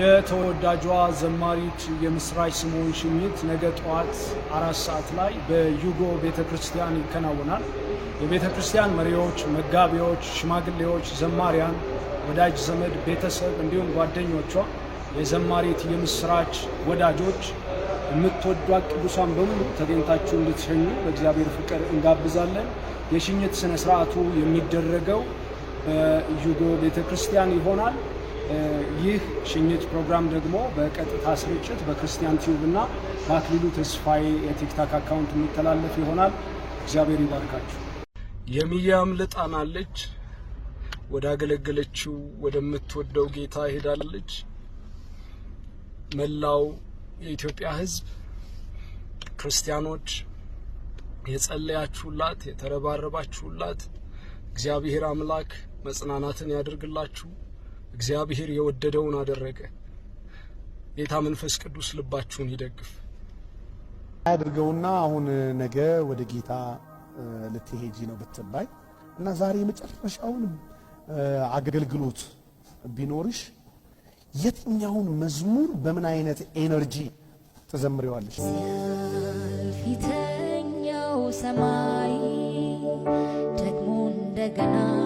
የተወዳጇ ዘማሪት የምስራች ስምኦን ሽኝት ነገ ጠዋት አራት ሰዓት ላይ በዩጎ ቤተ ክርስቲያን ይከናወናል። የቤተ ክርስቲያን መሪዎች፣ መጋቢዎች፣ ሽማግሌዎች፣ ዘማሪያን፣ ወዳጅ ዘመድ፣ ቤተሰብ እንዲሁም ጓደኞቿ የዘማሪት የምስራች ወዳጆች የምትወዷት ቅዱሳን በሙሉ ተገኝታችሁ እንድትሸኙ በእግዚአብሔር ፍቅር እንጋብዛለን። የሽኝት ስነ ስርዓቱ የሚደረገው በዩጎ ቤተ ክርስቲያን ይሆናል። ይህ ሽኝት ፕሮግራም ደግሞ በቀጥታ ስርጭት በክርስቲያን ቲዩብ እና በአክሊሉ ተስፋዬ የቲክታክ አካውንት የሚተላለፍ ይሆናል። እግዚአብሔር ይባርካችሁ። የሚያም ልጣናለች፣ አገለገለችው ወደምትወደው ጌታ ሄዳለች። መላው የኢትዮጵያ ሕዝብ ክርስቲያኖች የጸለያችሁላት የተረባረባችሁላት እግዚአብሔር አምላክ መጽናናትን ያደርግላችሁ። እግዚአብሔር የወደደውን አደረገ። ጌታ መንፈስ ቅዱስ ልባችሁን ይደግፍ አድርገውና አሁን ነገ ወደ ጌታ ልትሄጂ ነው ብትባይ እና ዛሬ የመጨረሻውን አገልግሎት ቢኖርሽ የትኛውን መዝሙር በምን አይነት ኤነርጂ ተዘምሪዋለሽ? ፊተኛው ሰማይ ደግሞ እንደገና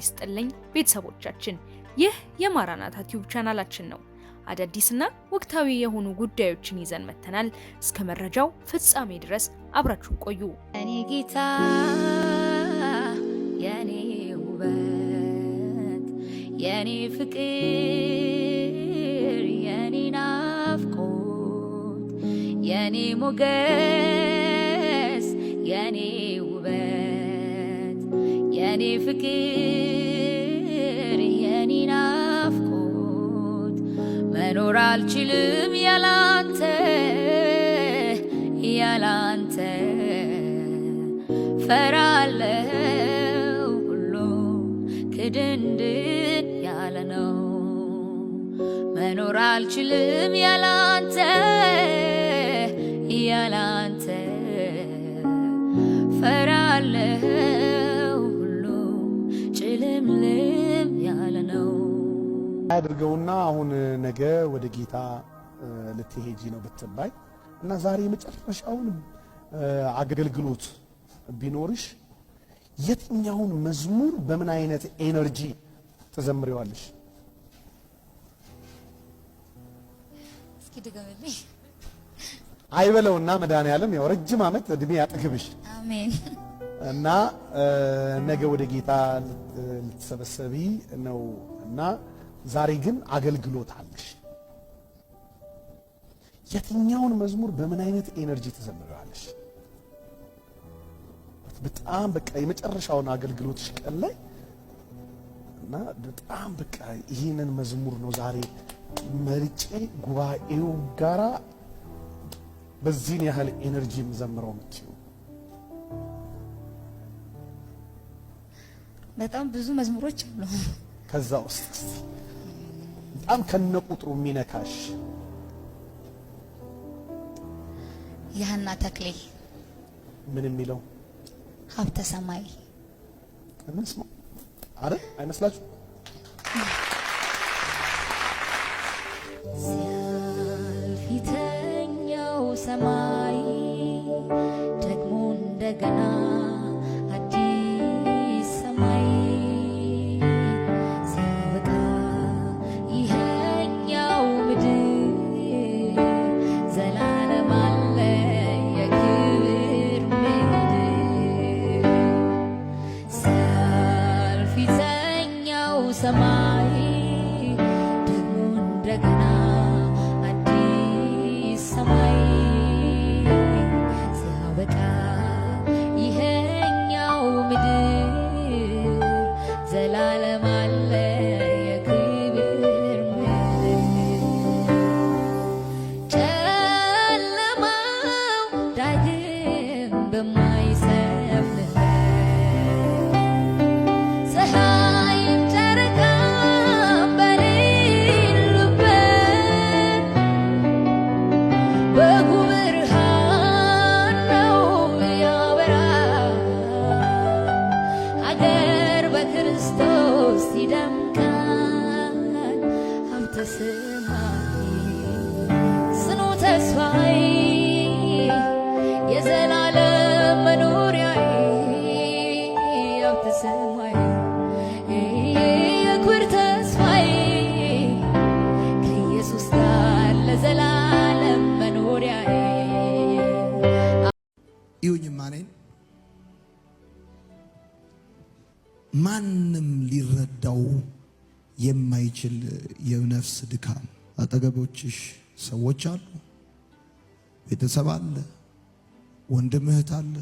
ይስጥልኝ ቤተሰቦቻችን፣ ይህ የማራናታ ቲዩብ ቻናላችን ነው። አዳዲስና ወቅታዊ የሆኑ ጉዳዮችን ይዘን መተናል። እስከ መረጃው ፍጻሜ ድረስ አብራችሁ ቆዩ። እኔ ጌታ የኔ ውበት የኔ ፍቅር የኔ ናፍቆት የኔ ሞገስ የኔ የኔ ፍቅር የኔ ናፍቆት መኖር አልችልም ያላንተ ያላንተ ፈራለው ሁሉ ክድንድን ያለ ነው መኖር አልችልም ያላንተ ያላንተ ፈራለው አያድርገውና አሁን ነገ ወደ ጌታ ልትሄጂ ነው ብትባይ እና ዛሬ የመጨረሻውን አገልግሎት ቢኖርሽ የትኛውን መዝሙር በምን አይነት ኤነርጂ ትዘምሪዋለሽ? አይበለውና ያለም ያው ረጅም ዓመት እድሜ ያጠግብሽ እና ነገ ወደ ጌታ ልትሰበሰቢ ነው እና ዛሬ ግን አገልግሎት አለሽ። የትኛውን መዝሙር በምን አይነት ኤነርጂ ትዘምራለሽ? በጣም በቃ የመጨረሻውን አገልግሎትሽ ቀን ላይ እና በጣም በቃ ይህንን መዝሙር ነው ዛሬ መርጬ ጉባኤው ጋራ በዚህን ያህል ኤነርጂ የምዘምረው የምትይው በጣም ብዙ መዝሙሮች አሉ ከዛ ውስጥ በጣም ከነቁጥሩ የሚነካሽ የሀና ተክሌ ምን የሚለው ሀብተ ሰማይ ምን አረ አይመስላችሁ? ማንም ሊረዳው የማይችል የነፍስ ድካም። አጠገቦችሽ ሰዎች አሉ፣ ቤተሰብ አለ፣ ወንድም እህት አለ፣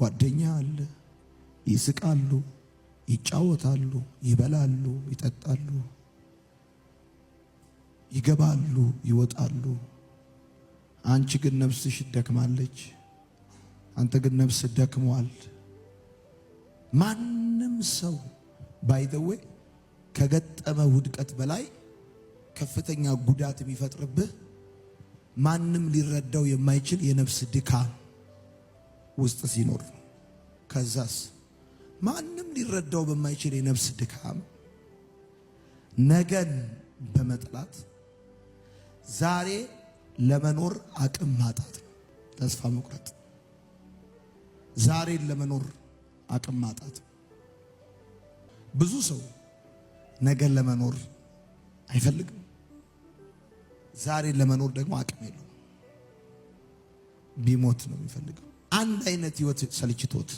ጓደኛ አለ። ይስቃሉ፣ ይጫወታሉ፣ ይበላሉ፣ ይጠጣሉ፣ ይገባሉ፣ ይወጣሉ። አንቺ ግን ነፍስሽ ደክማለች። አንተ ግን ነፍስ ደክሟል። ማንም ሰው ባይደዌ ከገጠመ ውድቀት በላይ ከፍተኛ ጉዳት የሚፈጥርብህ ማንም ሊረዳው የማይችል የነፍስ ድካም ውስጥ ሲኖር ነው። ከዛስ ማንም ሊረዳው በማይችል የነፍስ ድካም ነገን በመጥላት ዛሬ ለመኖር አቅም ማጣት ነው። ተስፋ መቁረጥ ዛሬን ለመኖር አቅም ማጣት። ብዙ ሰው ነገን ለመኖር አይፈልግም፣ ዛሬን ለመኖር ደግሞ አቅም የለው ቢሞት ነው የሚፈልገው። አንድ አይነት ህይወት ሰልችቶት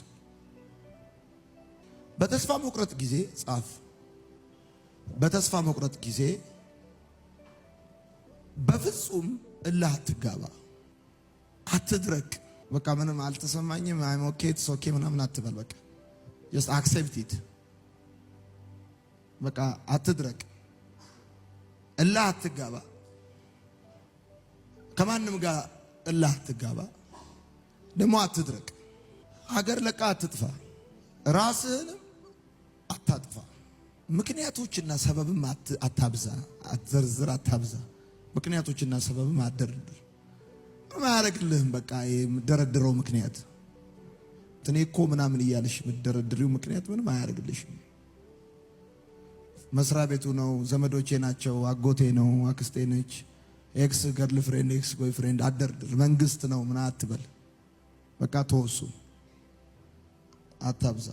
በተስፋ መቁረጥ ጊዜ ጻፍ። በተስፋ መቁረጥ ጊዜ በፍጹም እልህ አትጋባ፣ አትድረቅ በቃ ምንም አልተሰማኝም አይም ኦኬ ኢትስ ኦኬ ምናምን አትበል። በቃ ጀስት አክሴፕት ኢት። በቃ አትድረቅ፣ እላህ አትጋባ፣ ከማንም ጋር እላህ አትጋባ፣ ደግሞ አትድረቅ። ሀገር ለቃ አትጥፋ፣ ራስህንም አታጥፋ። ምክንያቶችና ሰበብም አታብዛ፣ አትዘርዝር፣ አታብዛ። ምክንያቶችና ሰበብም አደርድር። አያደርግልህም። በቃ የምደረድረው ምክንያት እኔ እኮ ምናምን እያለሽ የምደረድሪው ምክንያት ምንም አያደርግልሽም። መስሪያ ቤቱ ነው፣ ዘመዶቼ ናቸው፣ አጎቴ ነው፣ አክስቴ ነች፣ ኤክስ ገርል ፍሬንድ፣ ኤክስ ቦይ ፍሬንድ አደርድር፣ መንግስት ነው ምና አትበል። በቃ ተወሱ፣ አታብዛ።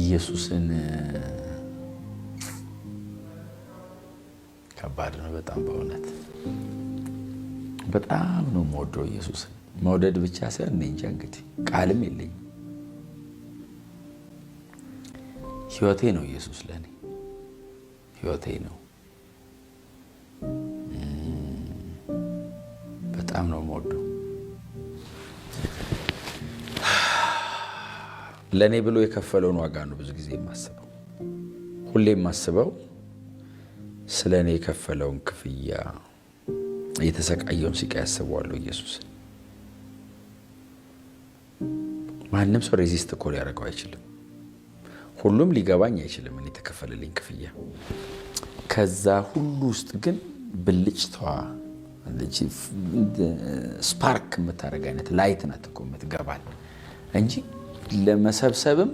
ኢየሱስን ከባድ ነው በጣም በእውነት በጣም ነው የምወደው ኢየሱስ። መውደድ ብቻ ሳይሆን እኔ እንጃ እንግዲህ ቃልም የለኝም። ህይወቴ ነው ኢየሱስ ለእኔ ህይወቴ ነው። በጣም ነው የምወደው። ለእኔ ብሎ የከፈለውን ዋጋ ነው ብዙ ጊዜ የማስበው፣ ሁሌ የማስበው ስለ እኔ የከፈለውን ክፍያ የተሰቃየውን ሲቃ ያስበዋለሁ ኢየሱስ። ማንም ሰው ሬዚስት እኮ ሊያደርገው አይችልም። ሁሉም ሊገባኝ አይችልም እኔ የተከፈለልኝ ክፍያ። ከዛ ሁሉ ውስጥ ግን ብልጭተዋ ስፓርክ የምታደረግ አይነት ላይት ናት እኮ የምትገባል እንጂ ለመሰብሰብም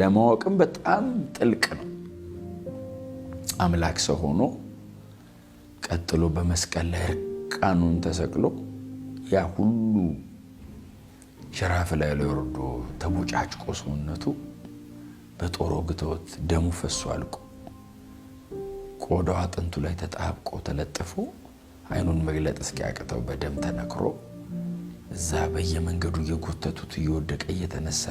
ለማወቅም በጣም ጥልቅ ነው። አምላክ ሰው ሆኖ ቀጥሎ በመስቀል ላይ እርቃኑን ተሰቅሎ ያ ሁሉ ሸራፍ ላይ ላይ ወርዶ ተቦጫጭቆ ሰውነቱ በጦር ወግተውት ደሙ ፈሶ አልቆ ቆዳው አጥንቱ ላይ ተጣብቆ ተለጥፎ አይኑን መግለጥ እስኪያቅተው በደም ተነክሮ እዛ በየመንገዱ እየጎተቱት እየወደቀ እየተነሳ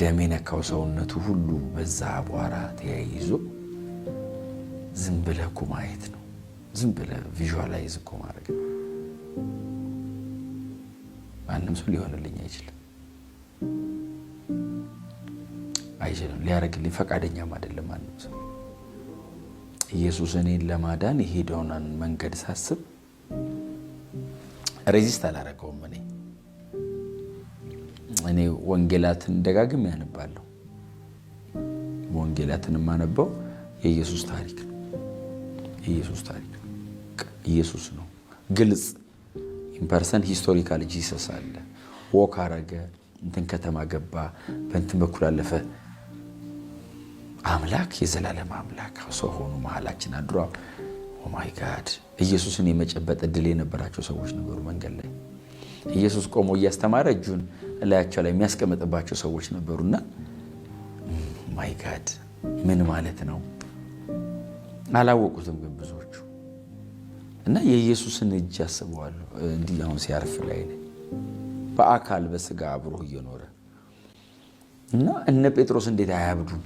ደም የነካው ሰውነቱ ሁሉ በዛ አቧራ ተያይዞ ዝም ብለህ ማየት ነው። ዝም ብለህ ቪዥዋላይዝ እኮ ማድረግ ማንም ሰው ሊሆንልኝ አይችልም አይችልም ሊያደርግልኝ ፈቃደኛም አይደለም ማንም ሰው። ኢየሱስ እኔን ለማዳን የሄደውን መንገድ ሳስብ ሬዚስት አላደረገውም። እኔ እኔ ወንጌላትን ደጋግም ያነባለሁ። ወንጌላትን የማነበው የኢየሱስ ታሪክ ነው። የኢየሱስ ታሪክ ኢየሱስ ነው። ግልጽ ኢንፐርሰን ሂስቶሪካል ጂሰስ አለ። ወክ አረገ፣ እንትን ከተማ ገባ፣ በእንትን በኩል አለፈ። አምላክ የዘላለም አምላክ ሰው ሆኑ መሀላችን አድሯ። ኦማይ ጋድ ኢየሱስን የመጨበጥ እድል የነበራቸው ሰዎች ነበሩ። መንገድ ላይ ኢየሱስ ቆሞ እያስተማረ እጁን እላያቸው ላይ የሚያስቀምጥባቸው ሰዎች ነበሩና ማይ ጋድ ምን ማለት ነው? አላወቁትም ግን ብዙዎቹ እና የኢየሱስን እጅ አስበዋለሁ። እንዲህ አሁን ሲያርፍ ላይ በአካል በስጋ አብሮ እየኖረ እና እነ ጴጥሮስ እንዴት አያብዱም?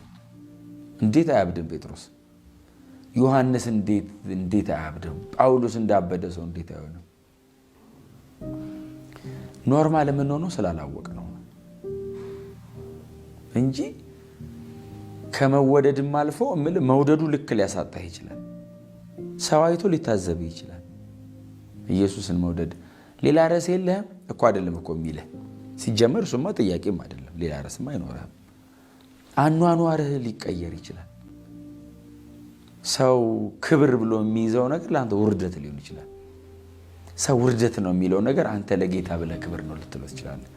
እንዴት አያብድም ጴጥሮስ? ዮሐንስ እንዴት አያብድም? ጳውሎስ እንዳበደ ሰው እንዴት አይሆንም? ኖርማል የምንሆነው ስላላወቅ ነው እንጂ ከመወደድም አልፎ መውደዱ ልክ ሊያሳጣህ ይችላል። ሰው አይቶ ሊታዘብ ይችላል። ኢየሱስን መውደድ ሌላ ርዕስ የለህም እኮ አይደለም እኮ የሚልህ ሲጀመር፣ እሱማ ጥያቄም አይደለም። ሌላ ርዕስማ አይኖርህም። አኗኗርህ ሊቀየር ይችላል። ሰው ክብር ብሎ የሚይዘው ነገር ለአንተ ውርደት ሊሆን ይችላል። ሰው ውርደት ነው የሚለው ነገር አንተ ለጌታ ብለህ ክብር ነው ልትለው ትችላለህ።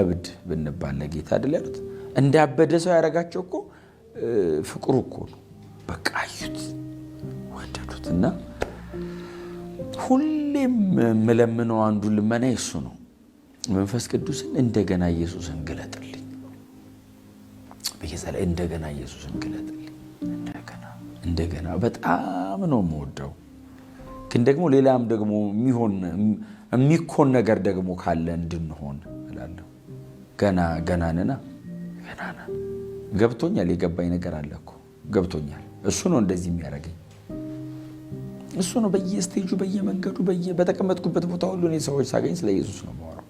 እብድ ብንባል ለጌታ አይደል ያሉት? እንዳበደ ሰው ያደረጋቸው እኮ ፍቅሩ እኮ ነው። በቃ አዩት የሚዋደዱት እና ሁሌም የምለምነው አንዱ ልመና የሱ ነው። መንፈስ ቅዱስን እንደገና ኢየሱስን ግለጥልኝ ብዬ እንደገና ኢየሱስን ግለጥልኝ እንደገና እንደገና በጣም ነው የምወደው። ግን ደግሞ ሌላም ደግሞ የሚሆን የሚኮን ነገር ደግሞ ካለ እንድንሆን እላለሁ። ገና ገናንና ገናና ገብቶኛል። የገባኝ ነገር አለ እኮ ገብቶኛል። እሱ ነው እንደዚህ የሚያደርገኝ። እሱ ነው። በየስቴጁ በየመንገዱ በተቀመጥኩበት ቦታ ሁሉ እኔ ሰዎች ሳገኝ ስለ ኢየሱስ ነው የማወራው።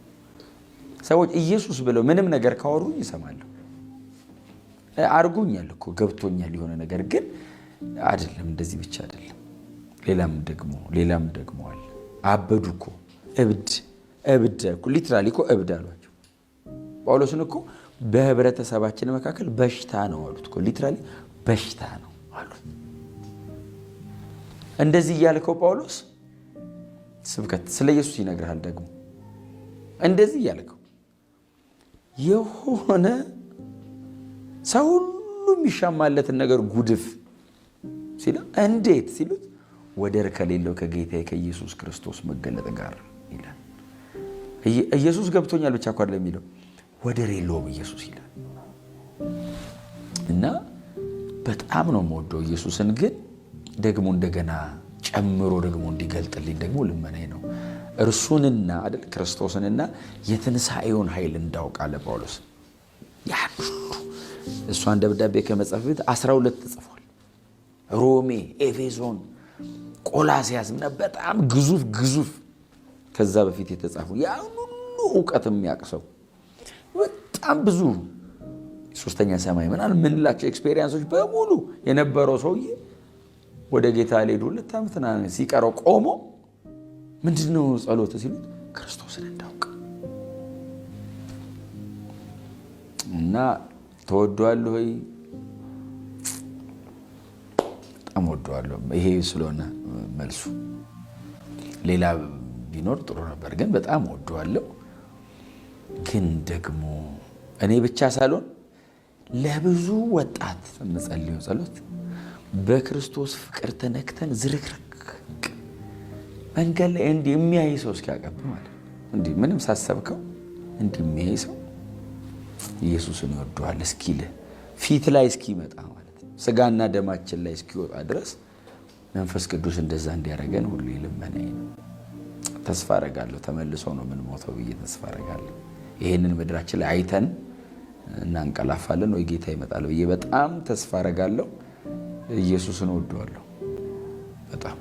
ሰዎች ኢየሱስ ብለው ምንም ነገር ካወሩኝ ይሰማለሁ። አድርጎኛል እኮ ገብቶኛል የሆነ ነገር ግን አይደለም እንደዚህ ብቻ አይደለም። ሌላም ደግሞ ሌላም ደግሞ አለ። አበዱ እኮ እብድ እብድ ሊትራሊ እኮ እብድ አሏቸው። ጳውሎስን እኮ በህብረተሰባችን መካከል በሽታ ነው አሉት እኮ ሊትራሊ በሽታ ነው አሉት። እንደዚህ እያልከው ጳውሎስ ስብከት ስለ ኢየሱስ ይነግርሃል። ደግሞ እንደዚህ እያልከው የሆነ ሰው ሁሉ የሚሻማለትን ነገር ጉድፍ ሲለ እንዴት ሲሉት ወደር ከሌለው ከጌታ ከኢየሱስ ክርስቶስ መገለጥ ጋር ይላል። ኢየሱስ ገብቶኛል ብቻ እኮ ለሚለው ወደር የለውም ኢየሱስ ይላል። እና በጣም ነው የምወደው ኢየሱስን ግን ደግሞ እንደገና ጨምሮ ደግሞ እንዲገልጥልኝ ደግሞ ልመናኝ ነው። እርሱንና አይደል ክርስቶስንና የትንሣኤውን ኃይል እንዳውቅ አለ ጳውሎስ። ያን እሷን ደብዳቤ ከመጻፍ ቤት 12 ተጽፏል። ሮሜ፣ ኤፌሶን፣ ቆላሲያስ በጣም ግዙፍ ግዙፍ ከዛ በፊት የተጻፉ ያን ሁሉ እውቀት የሚያቅሰው በጣም ብዙ ሶስተኛ ሰማይ ምናምን የምንላቸው ኤክስፔሪንሶች በሙሉ የነበረው ሰውዬ ወደ ጌታ ሌዱ ሁለት ዓመት ሲቀረው ቆሞ ምንድን ነው ጸሎት ሲሉት ክርስቶስን እንዳውቅ እና ተወዷል ሆይ በጣም ወዷለሁ። ይሄ ስለሆነ መልሱ ሌላ ቢኖር ጥሩ ነበር፣ ግን በጣም ወዷለሁ። ግን ደግሞ እኔ ብቻ ሳልሆን ለብዙ ወጣት የምጸልየው ጸሎት በክርስቶስ ፍቅር ተነክተን ዝርክርክ መንገድ ላይ እንዲህ የሚያይ ሰው እስኪያቀብ ማለት እንዲህ ምንም ሳሰብከው እንዲህ የሚያይ ሰው ኢየሱስን ይወደዋል እስኪል ፊት ላይ እስኪመጣ ማለት ነው። ስጋና ደማችን ላይ እስኪወጣ ድረስ መንፈስ ቅዱስ እንደዛ እንዲያደርገን ሁሉ የልመናዬ ነው። ተስፋ አደርጋለሁ ተመልሶ ነው ሞተው ብዬ ተስፋ አደርጋለሁ። ይህንን ምድራችን ላይ አይተን እናንቀላፋለን ወይ ጌታ ይመጣል ብዬ በጣም ተስፋ አደርጋለሁ። ኢየሱስን ወደዋለሁ። በጣም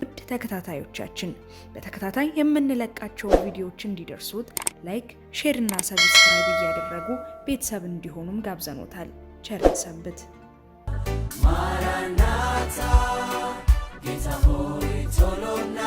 ውድ ተከታታዮቻችን በተከታታይ የምንለቃቸው ቪዲዮዎች እንዲደርሱት ላይክ፣ ሼር እና ሰብስክራይብ እያደረጉ ቤተሰብ እንዲሆኑም ጋብዘኖታል። ቸር ሰንብት። ማራናታ ጌታ ሆይ ቶሎና